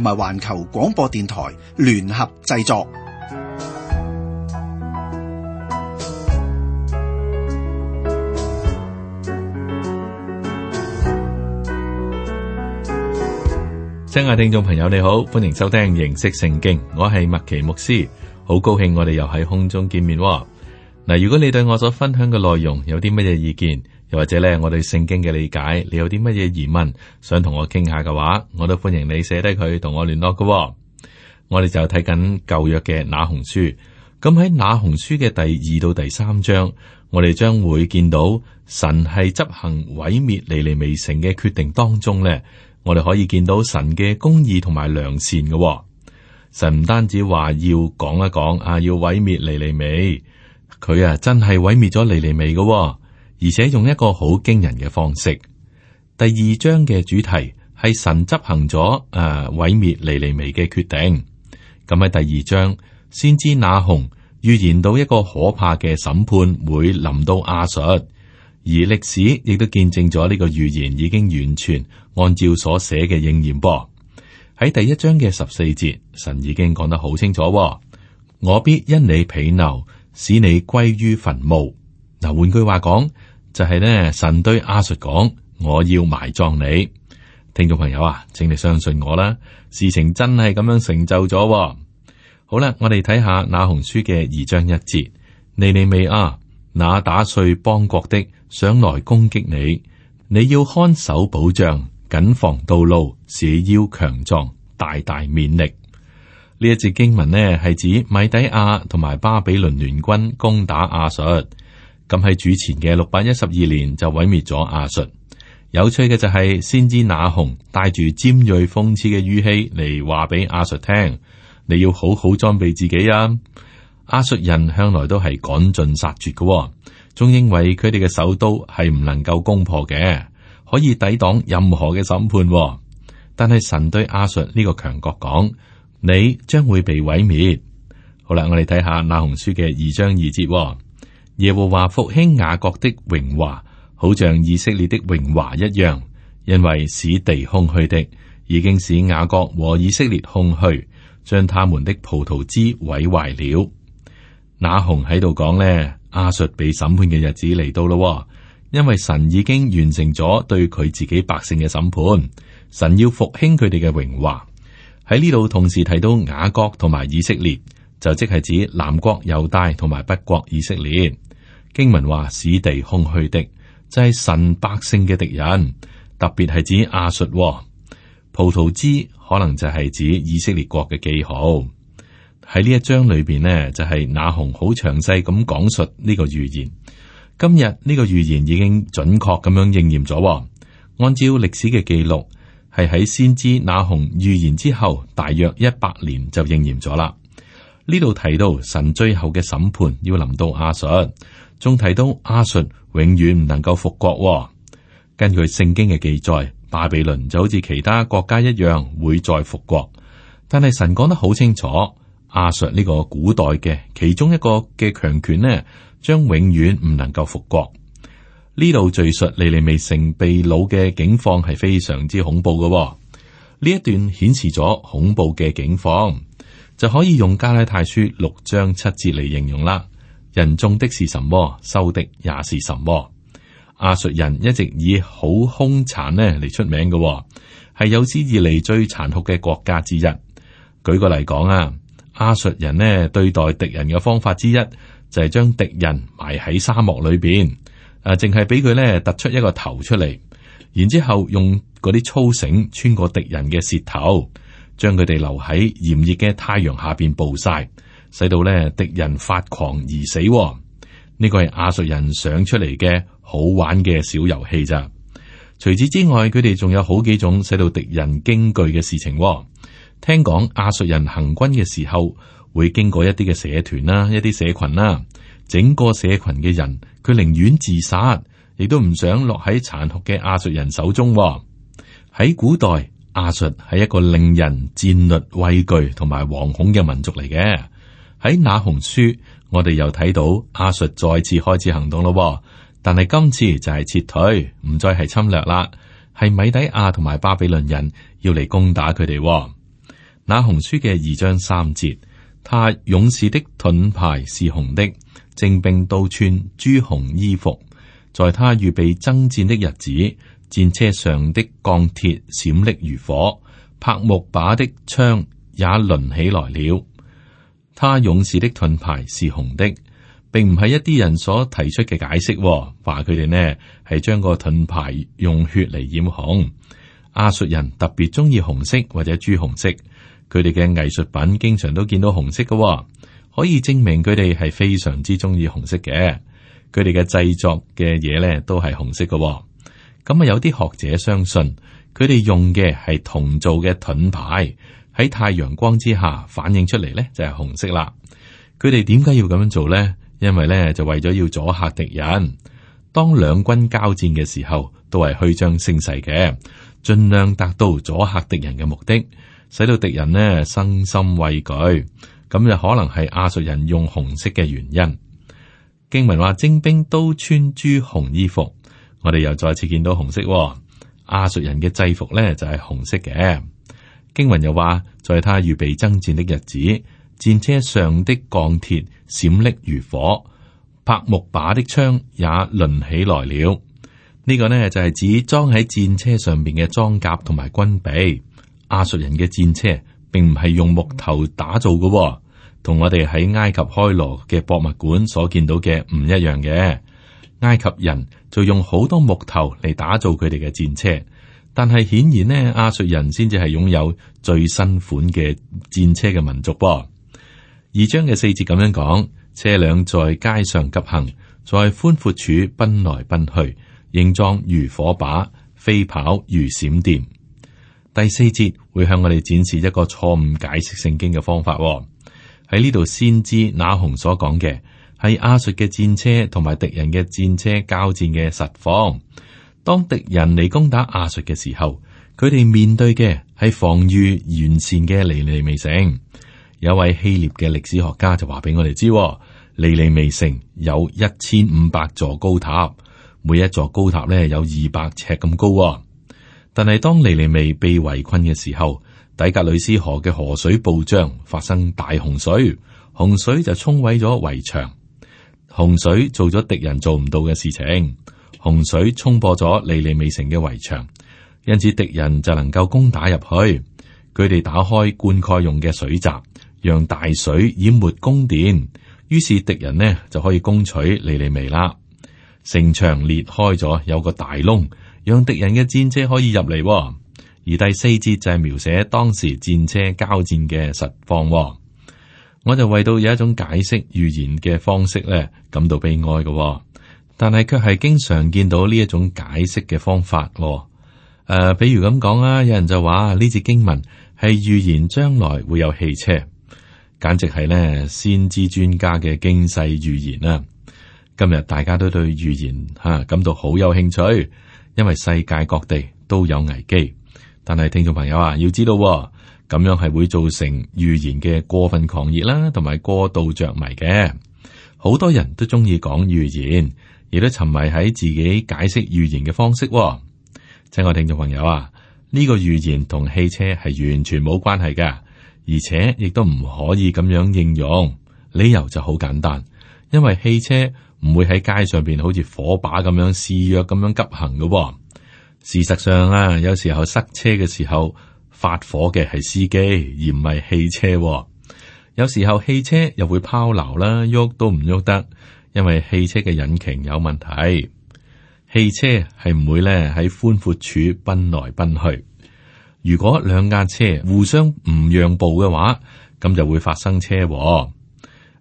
同埋環球廣播電台聯合製作。親愛的聽眾朋友，你好，歡迎收聽認識聖經，我係麥奇牧師，好高興我哋又喺空中見面喎。嗱，如果你對我所分享嘅內容有啲乜嘢意見，又或者咧，我哋聖經嘅理解，你有啲乜嘢疑問想同我傾下嘅話，我都歡迎你寫低佢同我聯絡嘅、哦。我哋就睇緊舊約嘅那鴻書，咁喺那鴻書嘅第二到第三章，我哋將會見到神係執行毀滅尼尼微城嘅決定當中咧，我哋可以見到神嘅公義同埋良善嘅、哦。神唔單止話要講一講啊，要毀滅尼尼微，佢啊真係毀滅咗尼尼微嘅、哦。而且用一個好驚人嘅方式，第二章嘅主題係神執行咗誒、呃、毀滅尼尼微嘅決定。咁喺第二章，先知那鴻預言到一個可怕嘅審判會臨到亞述，而歷史亦都見證咗呢個預言已經完全按照所寫嘅應驗噃。喺第一章嘅十四節，神已經講得好清楚，我必因你鄙陋，使你歸於墳墓。嗱，換句話講。就係呢，神對阿術講：我要埋葬你。聽眾朋友啊，請你相信我啦，事情真係咁樣成就咗。好啦，我哋睇下那鴻書嘅二章一節：尼尼微啊，那打碎邦國的想來攻擊你，你要看守保障，謹防道路，使腰強壯，大大勉力。呢一節經文呢，係指米底亞同埋巴比倫聯軍攻打阿術。咁喺主前嘅六百一十二年就毀滅咗阿術。有趣嘅就係先知那鴻帶住尖銳諷刺嘅語氣嚟話俾阿術聽：你要好好裝備自己啊！阿術人向來都係趕盡殺絕嘅、哦，仲認為佢哋嘅首都係唔能夠攻破嘅，可以抵擋任何嘅審判、哦。但係神對阿術呢個強國講：你將會被毀滅。好啦，我哋睇下那鴻書嘅二章二節、哦。耶和華復興雅各的榮華，好像以色列的榮華一樣。因為使地空虛的，已經使雅各和以色列空虛，將他們的葡萄枝毀壞了。那鴻喺度講呢，亞述被審判嘅日子嚟到咯，因為神已經完成咗對佢自己百姓嘅審判。神要復興佢哋嘅榮華。喺呢度同時提到雅各同埋以色列，就即係指南國猶大同埋北國以色列。經文話，史地空虛的就係、是、神百姓嘅敵人，特別係指亞述、哦。葡萄枝可能就係指以色列國嘅記號。喺呢一章裏邊呢，就係、是、那鴻好詳細咁講述呢個預言。今日呢個預言已經準確咁樣應驗咗。按照歷史嘅記錄，係喺先知那鴻預言之後大約一百年就應驗咗啦。呢度提到神最後嘅審判要臨到亞述。仲睇到亞述永遠唔能夠復國、哦。根據聖經嘅記載，巴比倫就好似其他國家一樣會再復國，但係神講得好清楚，亞述呢個古代嘅其中一個嘅強權呢，將永遠唔能夠復國。呢度敘述尼尼微城被擄嘅境況係非常之恐怖噶、哦。呢一段顯示咗恐怖嘅境況，就可以用加拉太書六章七節嚟形容啦。人種的是什麼，收的也是什麼。亞述人一直以好兇殘呢嚟出名嘅係有史以嚟最殘酷嘅國家之一。舉個例嚟講啊，亞述人呢對待敵人嘅方法之一就係將敵人埋喺沙漠裏邊，誒淨係俾佢呢突出一個頭出嚟，然之後用嗰啲粗繩穿過敵人嘅舌頭，將佢哋留喺炎熱嘅太陽下邊暴曬。使到咧敵人發狂而死、喎，呢個係亞述人想出嚟嘅好玩嘅小遊戲咋。除此之外，佢哋仲有好幾種使到敵人驚懼嘅事情、喎。聽講亞述人行軍嘅時候會經過一啲嘅社團啦，一啲社群啦，整個社群嘅人佢寧願自殺，亦都唔想落喺殘酷嘅亞述人手中、喎。喺古代，亞述係一個令人戰略畏懼同埋惶恐嘅民族嚟嘅。喺《那鴻書》，我哋又睇到阿術再次開始行動咯，但係今次就係撤退，唔再係侵略啦，係米底亞同埋巴比倫人要嚟攻打佢哋。《那鴻書》嘅二章三節，他勇士的盾牌是紅的，精兵都穿朱紅衣服，在他預備爭戰的日子，戰車上的鋼鐵閃爍如火，柏木把的槍也掄起來了。他勇士的盾牌是紅的，並唔係一啲人所提出嘅解釋，話佢哋呢係將個盾牌用血嚟染紅。亞述人特別鍾意紅色或者朱紅色，佢哋嘅藝術品經常都見到紅色嘅，可以證明佢哋係非常之鍾意紅色嘅。佢哋嘅製作嘅嘢呢都係紅色嘅。咁啊有啲學者相信佢哋用嘅係銅造嘅盾牌。喺太陽光之下反映出嚟呢，就係紅色啦。佢哋點解要咁樣做呢？因為呢，就為咗要阻嚇敵人。當兩軍交戰嘅時候，都係虛張聲勢嘅，盡量達到阻嚇敵人嘅目的，使到敵人呢心生畏懼。咁就可能係亞述人用紅色嘅原因。經文話精兵都穿朱紅衣服，我哋又再次見到紅色。亞述人嘅制服呢，就係紅色嘅。經文又話，在他預備爭戰的日子，戰車上的鋼鐵閃爍如火，柏木把的槍也掄起來了。呢、這個呢就係、是、指裝喺戰車上面嘅裝甲同埋軍備。亞述人嘅戰車並唔係用木頭打造嘅，哦，同我哋喺埃及開羅嘅博物館所見到嘅唔一樣嘅。埃及人就用好多木頭嚟打造佢哋嘅戰車。但係顯然呢，亞述人先至係擁有最新款嘅戰車嘅民族噃。二章嘅四節咁樣講，車輛在街上急行，在寬闊處奔來奔去，形狀如火把，飛跑如閃電。第四節會向我哋展示一個錯誤解釋聖經嘅方法。喺呢度先知那鴻所講嘅，係亞述嘅戰車同埋敵人嘅戰車交戰嘅實況。當敵人嚟攻打亞述嘅時候，佢哋面對嘅係防禦完善嘅尼尼微城。有位希臘嘅歷史學家就話俾我哋知，尼尼微城有一千五百座高塔，每一座高塔呢有二百尺咁高。但係當尼尼微被圍困嘅時候，底格里斯河嘅河水暴漲，發生大洪水，洪水就沖毀咗圍牆，洪水做咗敵人做唔到嘅事情。洪水沖破咗利利微城嘅圍牆，因此敵人就能夠攻打入去。佢哋打開灌溉用嘅水閘，讓大水淹沒宮殿，於是敵人呢就可以攻取利利微啦。城牆裂開咗，有個大窿，讓敵人嘅戰車可以入嚟。而第四節就係描寫當時戰車交戰嘅實況。我就為到有一種解釋預言嘅方式咧感到悲哀嘅。但係卻係經常見到呢一種解釋嘅方法喎，誒、呃，比如咁講啊，有人就話呢節經文係預言將來會有汽車，簡直係呢先知專家嘅驚世預言啊。今日大家都對預言吓感到好有興趣，因為世界各地都有危機。但係聽眾朋友啊，要知道咁樣係會造成預言嘅過分狂熱啦，同埋過度着迷嘅。好多人都中意講預言。亦都沉迷喺自己解釋預言嘅方式、哦。親愛聽眾朋友啊，呢、這個預言同汽車係完全冇關係嘅，而且亦都唔可以咁樣應用。理由就好簡單，因為汽車唔會喺街上邊好似火把咁樣肆虐咁樣急行嘅、哦。事實上啊，有時候塞車嘅時候發火嘅係司機，而唔係汽車、哦。有時候汽車又會拋錨啦，喐都唔喐得。因為汽車嘅引擎有問題，汽車係唔會咧喺寬闊處奔來奔去。如果兩架車互相唔讓步嘅話，咁就會發生車禍。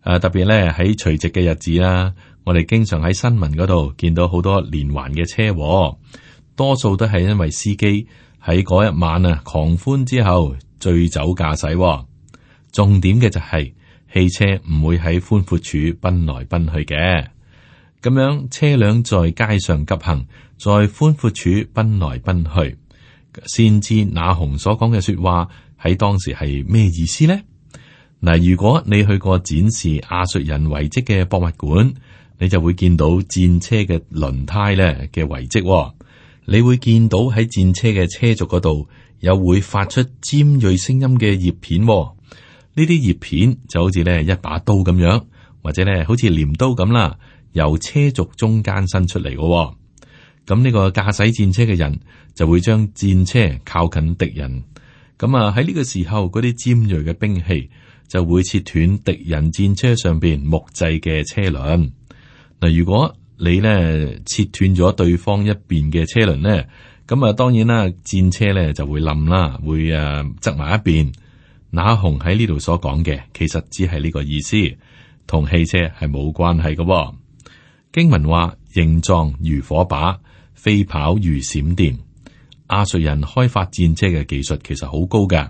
誒，特別咧喺除夕嘅日子啦，我哋經常喺新聞嗰度見到好多連環嘅車禍，多數都係因為司機喺嗰一晚啊狂歡之後醉酒駕駛喎。重點嘅就係。汽車唔會喺寬闊處奔來奔去嘅。咁樣車輛在街上急行，在寬闊處奔來奔去，先知那鴻所講嘅說話喺當時係咩意思呢？嗱，如果你去過展示亞述人遺跡嘅博物館，你就會見到戰車嘅輪胎咧嘅遺跡，你會見到喺戰車嘅車軸嗰度有會發出尖銳聲音嘅葉片。呢啲葉片就好似咧一把刀咁樣，或者咧好似鐮刀咁啦，由車軸中間伸出嚟嘅。咁呢個駕駛戰車嘅人就會將戰車靠近敵人。咁啊喺呢個時候，嗰啲尖銳嘅兵器就會切斷敵人戰車上邊木製嘅車輪。嗱，如果你咧切斷咗對方一邊嘅車輪咧，咁啊當然啦，戰車咧就會冧啦，會啊側埋一邊。那鴻喺呢度所講嘅，其實只係呢個意思，同汽車係冇關係嘅、哦。經文話：形狀如火把，飛跑如閃電。亞述人開發戰車嘅技術其實好高嘅，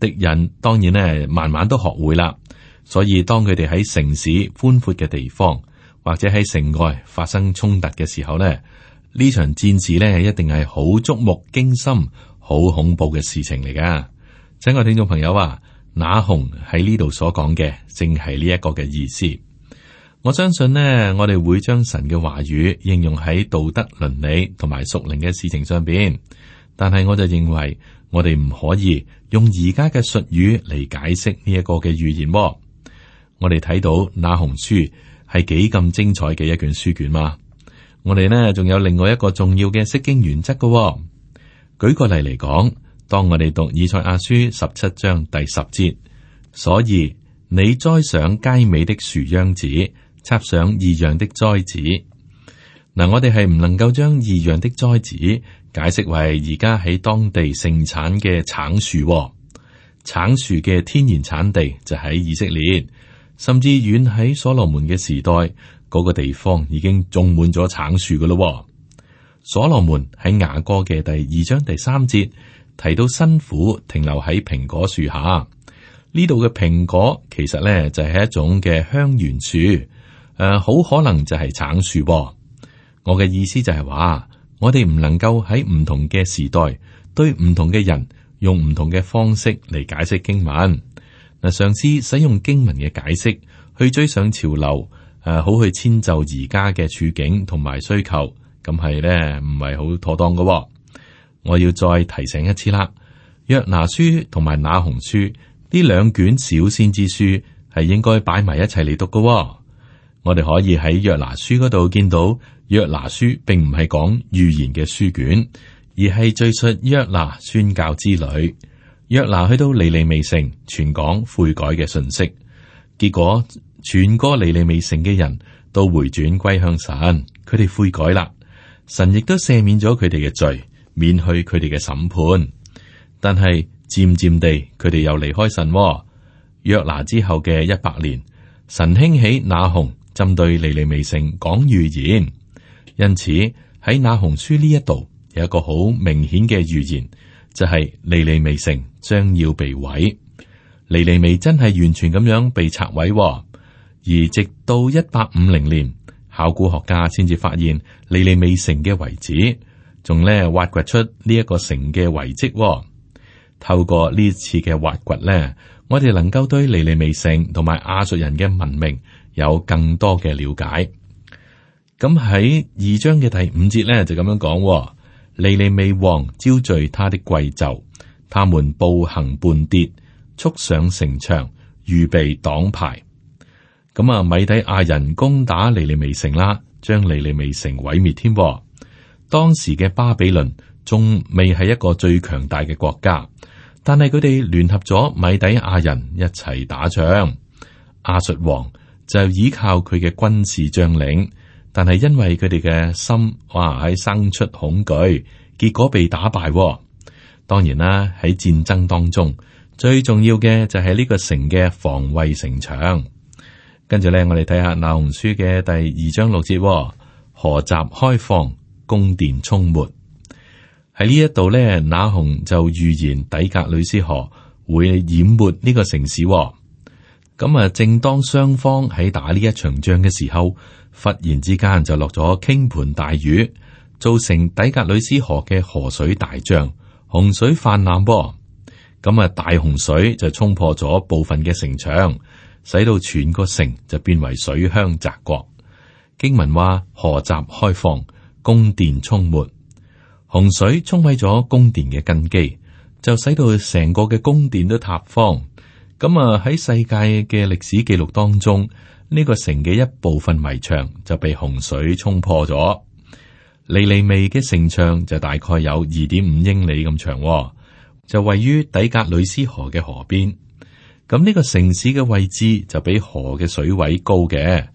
敵人當然咧慢慢都學會啦。所以當佢哋喺城市寬闊嘅地方，或者喺城外發生衝突嘅時候咧，呢場戰事咧一定係好觸目驚心、好恐怖嘅事情嚟噶。請個聽眾朋友啊，那鴻喺呢度所講嘅，正係呢一個嘅意思。我相信呢，我哋會將神嘅話語應用喺道德倫理同埋屬靈嘅事情上邊。但係我就認為，我哋唔可以用而家嘅術語嚟解釋呢一個嘅預言。我哋睇到那鴻書係幾咁精彩嘅一卷書卷嘛？我哋呢仲有另外一個重要嘅釋經原則噶。舉個例嚟講。當我哋讀以賽亞書十七章第十節，所以你栽上佳美的樹秧子，插上異樣的栽子。嗱、啊，我哋係唔能夠將異樣的栽子解釋為而家喺當地盛產嘅橙樹。橙樹嘅天然產地就喺以色列，甚至遠喺所羅門嘅時代嗰、那個地方已經種滿咗橙樹噶咯。所羅門喺雅歌嘅第二章第三節。提到辛苦停留喺蘋果樹下，呢度嘅蘋果其實咧就係一種嘅香圓樹，誒，好可能就係橙樹。我嘅意思就係話，我哋唔能夠喺唔同嘅時代，對唔同嘅人用唔同嘅方式嚟解釋經文。嗱，嘗試使用經文嘅解釋去追上潮流，誒，好去遷就而家嘅處境同埋需求，咁係咧唔係好妥當嘅。我要再提醒一次啦，《約拿書》同埋《那鴻書》呢兩卷小先知書係應該擺埋一齊嚟讀噶。哦。我哋可以喺《約拿書》嗰度見到，《約拿書》並唔係講預言嘅書卷，而係敘述約拿宣教之旅。約拿去到離利未城，全港悔改嘅信息。結果全個離利未城嘅人都回轉歸向神，佢哋悔改啦，神亦都赦免咗佢哋嘅罪。免去佢哋嘅審判，但係漸漸地佢哋又離開神。約拿之後嘅一百年，神興起那鴻針對尼尼微城講預言。因此喺那鴻書呢一度有一個好明顯嘅預言，就係、是、尼尼微城將要被毀。尼尼微真係完全咁樣被拆毀，而直到一八五零年，考古學家先至發現尼尼微城嘅遺址。仲咧挖掘出呢一個城嘅遺跡，透過呢次嘅挖掘咧，我哋能夠對尼尼微城同埋亞述人嘅文明有更多嘅了解。咁喺二章嘅第五節咧就咁樣講，尼尼微王招聚他的貴冑，他們步行絆跌，速上城牆，預備擋牌。咁啊，米底亞人攻打尼尼微城啦，將尼尼微城毀滅添。當時嘅巴比倫仲未係一個最強大嘅國家，但係佢哋聯合咗米底亞人一齊打仗。亞述王就依靠佢嘅軍事將領，但係因為佢哋嘅心哇喺、啊、生出恐懼，結果被打敗、哦。當然啦，喺戰爭當中最重要嘅就係呢個城嘅防衛城牆。跟住咧，我哋睇下《那鴻書》嘅第二章六節、哦，河閘開放。宮殿沖沒喺呢一度呢，那鴻就預言底格里斯河會淹沒呢個城市。咁啊，正當雙方喺打呢一場仗嘅時候，忽然之間就落咗傾盆大雨，造成底格里斯河嘅河水大漲，洪水泛濫噃。咁啊，大洪水就沖破咗部分嘅城牆，使到全個城就變為水鄉澤國。經文話：河閘開放。宮殿沖沒，洪水沖毀咗宮殿嘅根基，就使到成個嘅宮殿都塌方。咁啊，喺世界嘅歷史記錄當中，呢、這個城嘅一部分圍牆就被洪水沖破咗。尼尼微嘅城牆就大概有二點五英里咁長，啊，就位於底格里斯河嘅河邊。咁呢個城市嘅位置就比河嘅水位高嘅，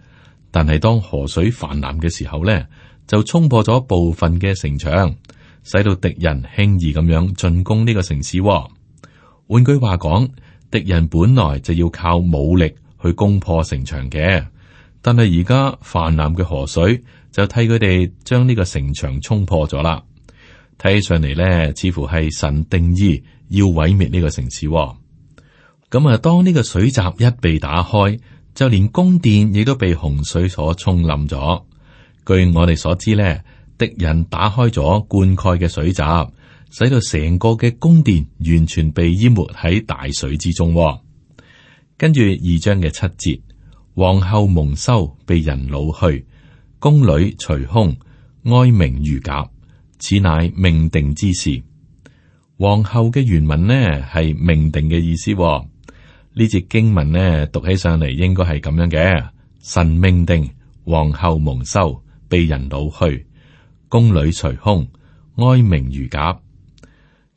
但係當河水泛濫嘅時候呢，就沖破咗部分嘅城牆，使到敵人輕易咁樣進攻呢個城市。換句話講，敵人本來就要靠武力去攻破城牆嘅，但係而家泛濫嘅河水就替佢哋將呢個城牆沖破咗啦。睇起上嚟呢，似乎係神定義要毀滅呢個城市。咁啊，當呢個水閘一被打開，就連宮殿亦都被洪水所沖冧咗。據我哋所知呢，敵人打開咗灌溉嘅水閘，使到成個嘅宮殿完全被淹沒喺大水之中，哦。跟住二章嘅七節，皇后蒙羞，被人擄去，宮女搥胸，哀鳴如鴿，此乃命定之事。皇后嘅原文呢係命定嘅意思，哦。呢節經文呢，讀起上嚟應該係咁樣嘅，神命定皇后蒙羞。被人老去，宮女捶胸，哀鳴如鴿。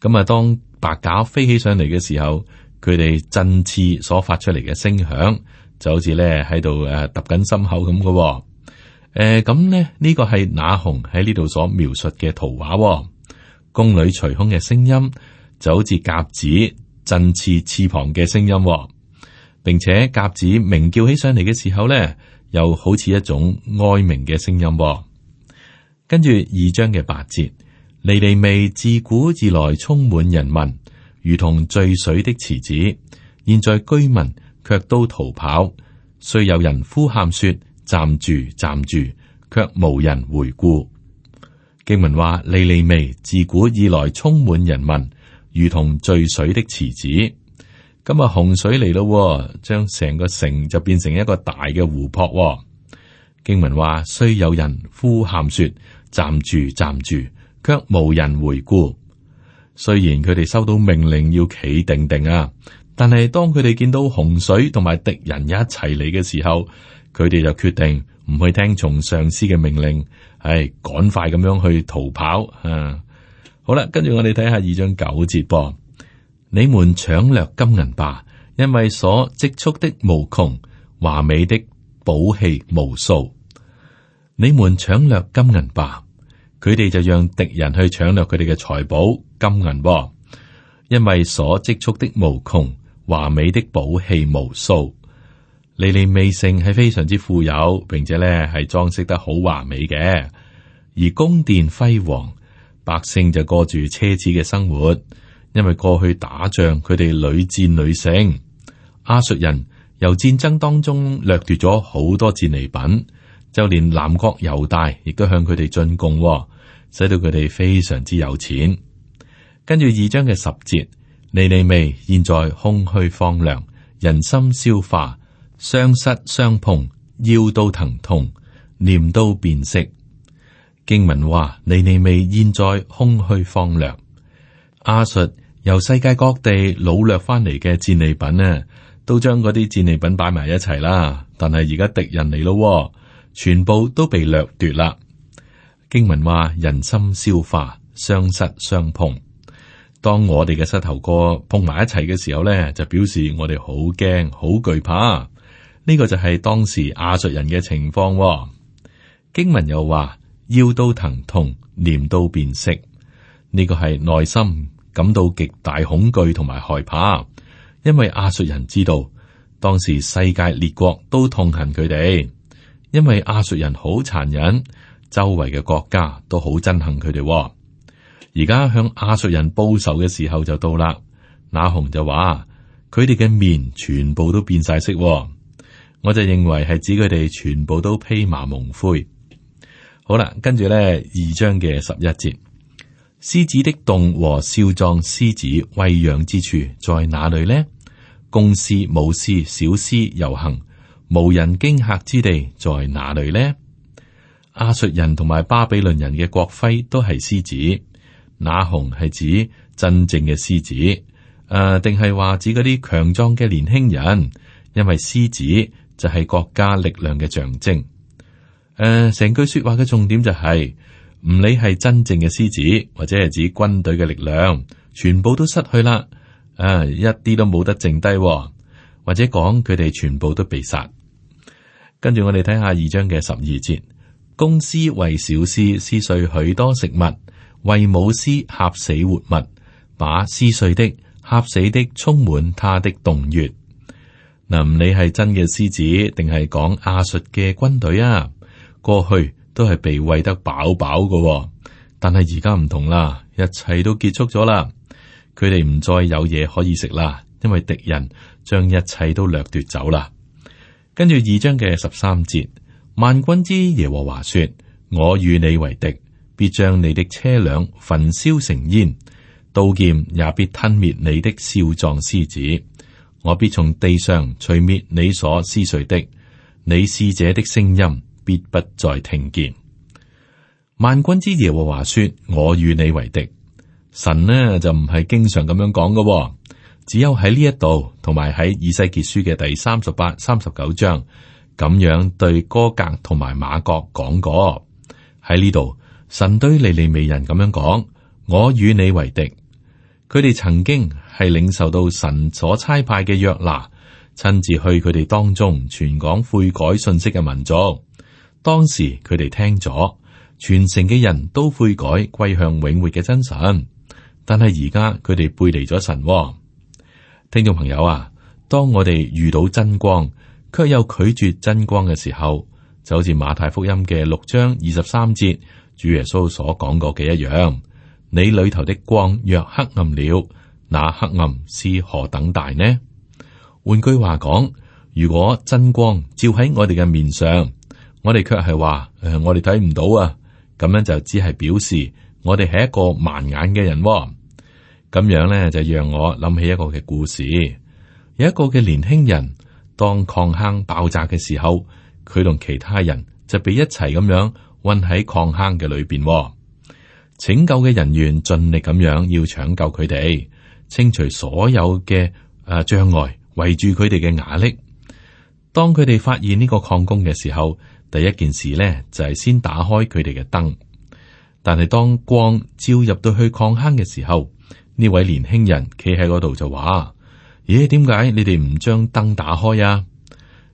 咁啊，當白鴿飛起上嚟嘅時候，佢哋振翅所發出嚟嘅聲響，就好似咧喺度誒揼緊心口咁噶。誒、嗯，咁呢，呢個係那鴻喺呢度所描述嘅圖畫。宮女捶胸嘅聲音，就好似鴿子振翅翅膀嘅聲音，並且鴿子鳴叫起上嚟嘅時候咧。又好似一種哀鳴嘅聲音、哦。跟住二章嘅八節，尼尼微自古以來充滿人民，如同聚水的池子。現在居民卻都逃跑，雖有人呼喊說站住站住，卻無人回顧。經文話：尼尼微自古以來充滿人民，如同聚水的池子。噉啊洪水嚟咯，將成個城就變成一個大嘅湖泊。經文話，雖有人呼喊說站住站住，卻無人回顧。雖然佢哋收到命令要企定定啊，但係當佢哋見到洪水同埋敵人一齊嚟嘅時候，佢哋就決定唔去聽從上司嘅命令，係、哎、趕快咁樣去逃跑。啊，好啦，跟住我哋睇下二章九節噃。你們搶掠金銀吧，因為所積蓄的無窮華美的寶器無數。你們搶掠金銀吧，佢哋就讓敵人去搶掠佢哋嘅財寶金銀喎。因為所積蓄的無窮華美的寶器無數，尼尼微城係非常之富有，並且呢係裝飾得好華美嘅，而宮殿輝煌，百姓就過住奢侈嘅生活。因為過去打仗，佢哋屢戰屢勝，亞述人由戰爭當中掠奪咗好多戰利品，就連南國猶大亦都向佢哋進貢，使到佢哋非常之有錢。跟住二章嘅十節，尼尼微現在空虛荒涼，人心消化，雙膝相碰，腰都疼痛，念都變色。經文話：尼尼微現在空虛荒涼。阿術由世界各地擄掠翻嚟嘅戰利品呢，都將嗰啲戰利品擺埋一齊啦。但係而家敵人嚟咯，全部都被掠奪啦。經文話人心消化，雙膝相碰。當我哋嘅膝頭哥碰埋一齊嘅時候呢，就表示我哋好驚、好懼怕。呢個就係當時阿術人嘅情況。經文又話腰都疼痛，臉都變色。呢個係內心感到極大恐懼同埋害怕，因為亞述人知道當時世界列國都痛恨佢哋，因為亞述人好殘忍，周圍嘅國家都好憎恨佢哋、哦。而家向亞述人報仇嘅時候就到啦。那鴻就話佢哋嘅面全部都變晒色、哦，我就認為係指佢哋全部都披麻蒙灰。好啦，跟住咧二章嘅十一節。獅子的洞和少壯獅子餵養之處在哪裡呢？公獅、母獅、小獅遊行，無人驚嚇之地在哪裡呢？亞述人同埋巴比倫人嘅國徽都係獅子，那鴻係指真正嘅獅子，誒、呃，定係話指嗰啲強壯嘅年輕人，因為獅子就係國家力量嘅象徵。誒、呃，成句說話嘅重點就係、是。唔理係真正嘅獅子，或者係指軍隊嘅力量，全部都失去啦，啊，一啲都冇得剩低，或者講佢哋全部都被殺。跟住我哋睇下二章嘅十二節，公獅為小獅撕碎許多食物，為母獅嚇死活物，把撕碎的、嚇死的、死的充滿它的洞穴。嗱、呃，唔理係真嘅獅子，定係講亞述嘅軍隊啊，過去。都係被餵得飽飽嘅，但係而家唔同啦，一切都結束咗啦，佢哋唔再有嘢可以食啦，因為敵人將一切都掠奪走啦。跟住二章嘅十三節，萬軍之耶和華說：我與你為敵，必將你的車輛焚燒成煙，刀劍也必吞滅你的少壯獅子，我必從地上除滅你所撕碎的，你使者的聲音。必不再聽見。萬軍之耶和華說：我與你為敵。神呢就唔係經常咁樣講噶，只有喺呢一度同埋喺以西結書嘅第三十八、三十九章咁樣對歌革同埋瑪各講過。喺呢度，神對尼尼微人咁樣講：我與你為敵。佢哋曾經係領受到神所差派嘅約拿，親自去佢哋當中傳講悔改信息嘅民族。當時佢哋聽咗，全城嘅人都悔改，歸向永活嘅真神。但係而家佢哋背離咗神喎。聽眾朋友啊，當我哋遇到真光，卻又拒絕真光嘅時候，就好似馬太福音嘅六章二十三節，主耶穌所講過嘅一樣。你裡頭的光若黑暗了，那黑暗是何等大呢？換句話講，如果真光照喺我哋嘅面上。我哋卻係話，誒、呃，我哋睇唔到啊，咁樣就只係表示我哋係一個盲眼嘅人喎、哦。咁樣咧就讓我諗起一個嘅故事，有一個嘅年輕人當礦坑爆炸嘅時候，佢同其他人就被一齊咁樣韞喺礦坑嘅裏邊、哦。拯救嘅人員盡力咁樣要搶救佢哋，清除所有嘅誒、呃、障礙圍住佢哋嘅瓦礫。當佢哋發現呢個礦工嘅時候，第一件事咧就係先打開佢哋嘅燈，但係當光照入到去礦坑嘅時候，呢位年輕人企喺嗰度就話：咦，點解你哋唔將燈打開啊？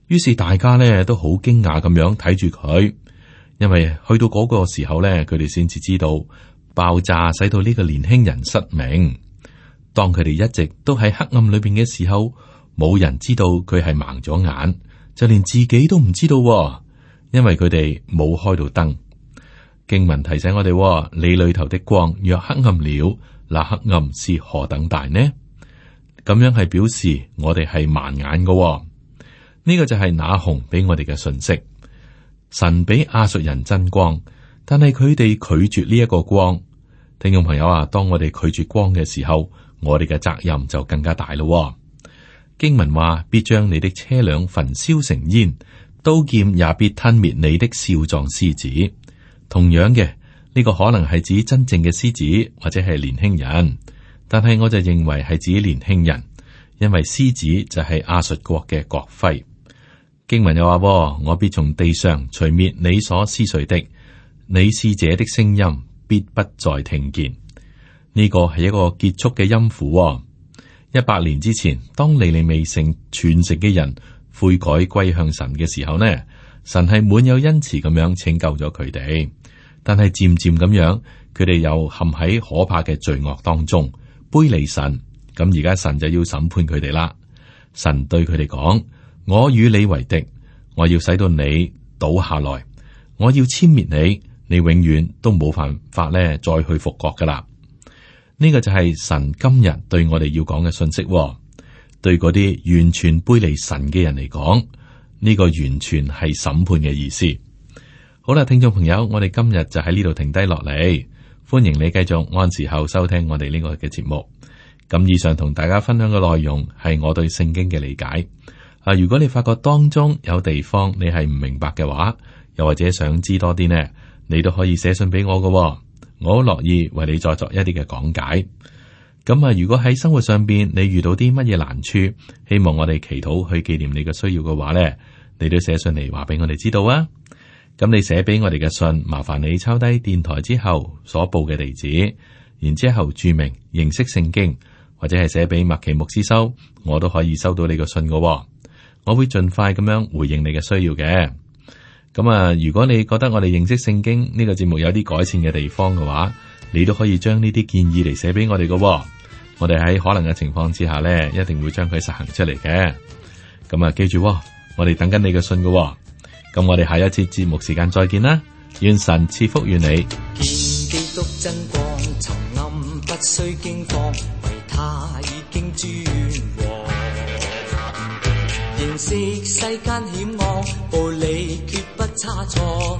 於是大家咧都好驚訝咁樣睇住佢，因為去到嗰個時候咧，佢哋先至知道爆炸使到呢個年輕人失明。當佢哋一直都喺黑暗裏邊嘅時候，冇人知道佢係盲咗眼，就連自己都唔知道啊。因為佢哋冇開到燈，經文提醒我哋：你裏頭的光若黑暗了，那黑暗是何等大呢？咁樣係表示我哋係盲眼嘅。呢個就係那鴻俾我哋嘅信息。神俾亞述人真光，但係佢哋拒絕呢一個光。聽眾朋友啊，當我哋拒絕光嘅時候，我哋嘅責任就更加大咯。經文話：必將你的車輛焚燒成煙。刀劍也必吞滅你的少壯獅子，同樣嘅呢、這個可能係指真正嘅獅子或者係年輕人，但係我就認為係指年輕人，因為獅子就係亞述國嘅國徽。經文又話：我必從地上除滅你所撕碎的，你使者的聲音必不再聽見。呢、這個係一個結束嘅音符、哦。一百年之前，當你哋未成全成嘅人。悔改歸向神嘅時候呢，神係滿有恩慈咁樣拯救咗佢哋。但係漸漸咁樣，佢哋又陷喺可怕嘅罪惡當中，背離神。咁而家神就要審判佢哋啦。神對佢哋講：我與你為敵，我要使到你倒下來，我要殲滅你，你永遠都冇辦法咧再去復國噶啦。呢、這個就係神今日對我哋要講嘅信息。對嗰啲完全背離神嘅人嚟講，呢個完全係審判嘅意思。好啦，聽眾朋友，我哋今日就喺呢度停低落嚟。歡迎你繼續按時候收聽我哋呢個嘅節目。咁以上同大家分享嘅內容係我對聖經嘅理解。啊，如果你發覺當中有地方你係唔明白嘅話，又或者想知多啲呢，你都可以寫信俾我噶、哦，我好樂意為你再作，作一啲嘅講解。咁啊！如果喺生活上邊你遇到啲乜嘢難處，希望我哋祈禱去紀念你嘅需要嘅話咧，你都寫信嚟話俾我哋知道啊！咁你寫俾我哋嘅信，麻煩你抄低電台之後所報嘅地址，然之後注明認識聖經，或者係寫俾麥奇牧師收，我都可以收到你嘅信噶。我會盡快咁樣回應你嘅需要嘅。咁啊，如果你覺得我哋認識聖經呢個節目有啲改善嘅地方嘅話，你都可以將呢啲建議嚟寫俾我哋噶。哦，我哋喺可能嘅情況之下咧，一定會將佢實行出嚟嘅。咁啊，記住、哦，我哋等緊你嘅信噶，哦。咁我哋下一次節目時間再見啦，願神賜福與你。見基督真光，沉暗不不需驚慌，為祂已經轉往。認識世間險惡，步履決不差錯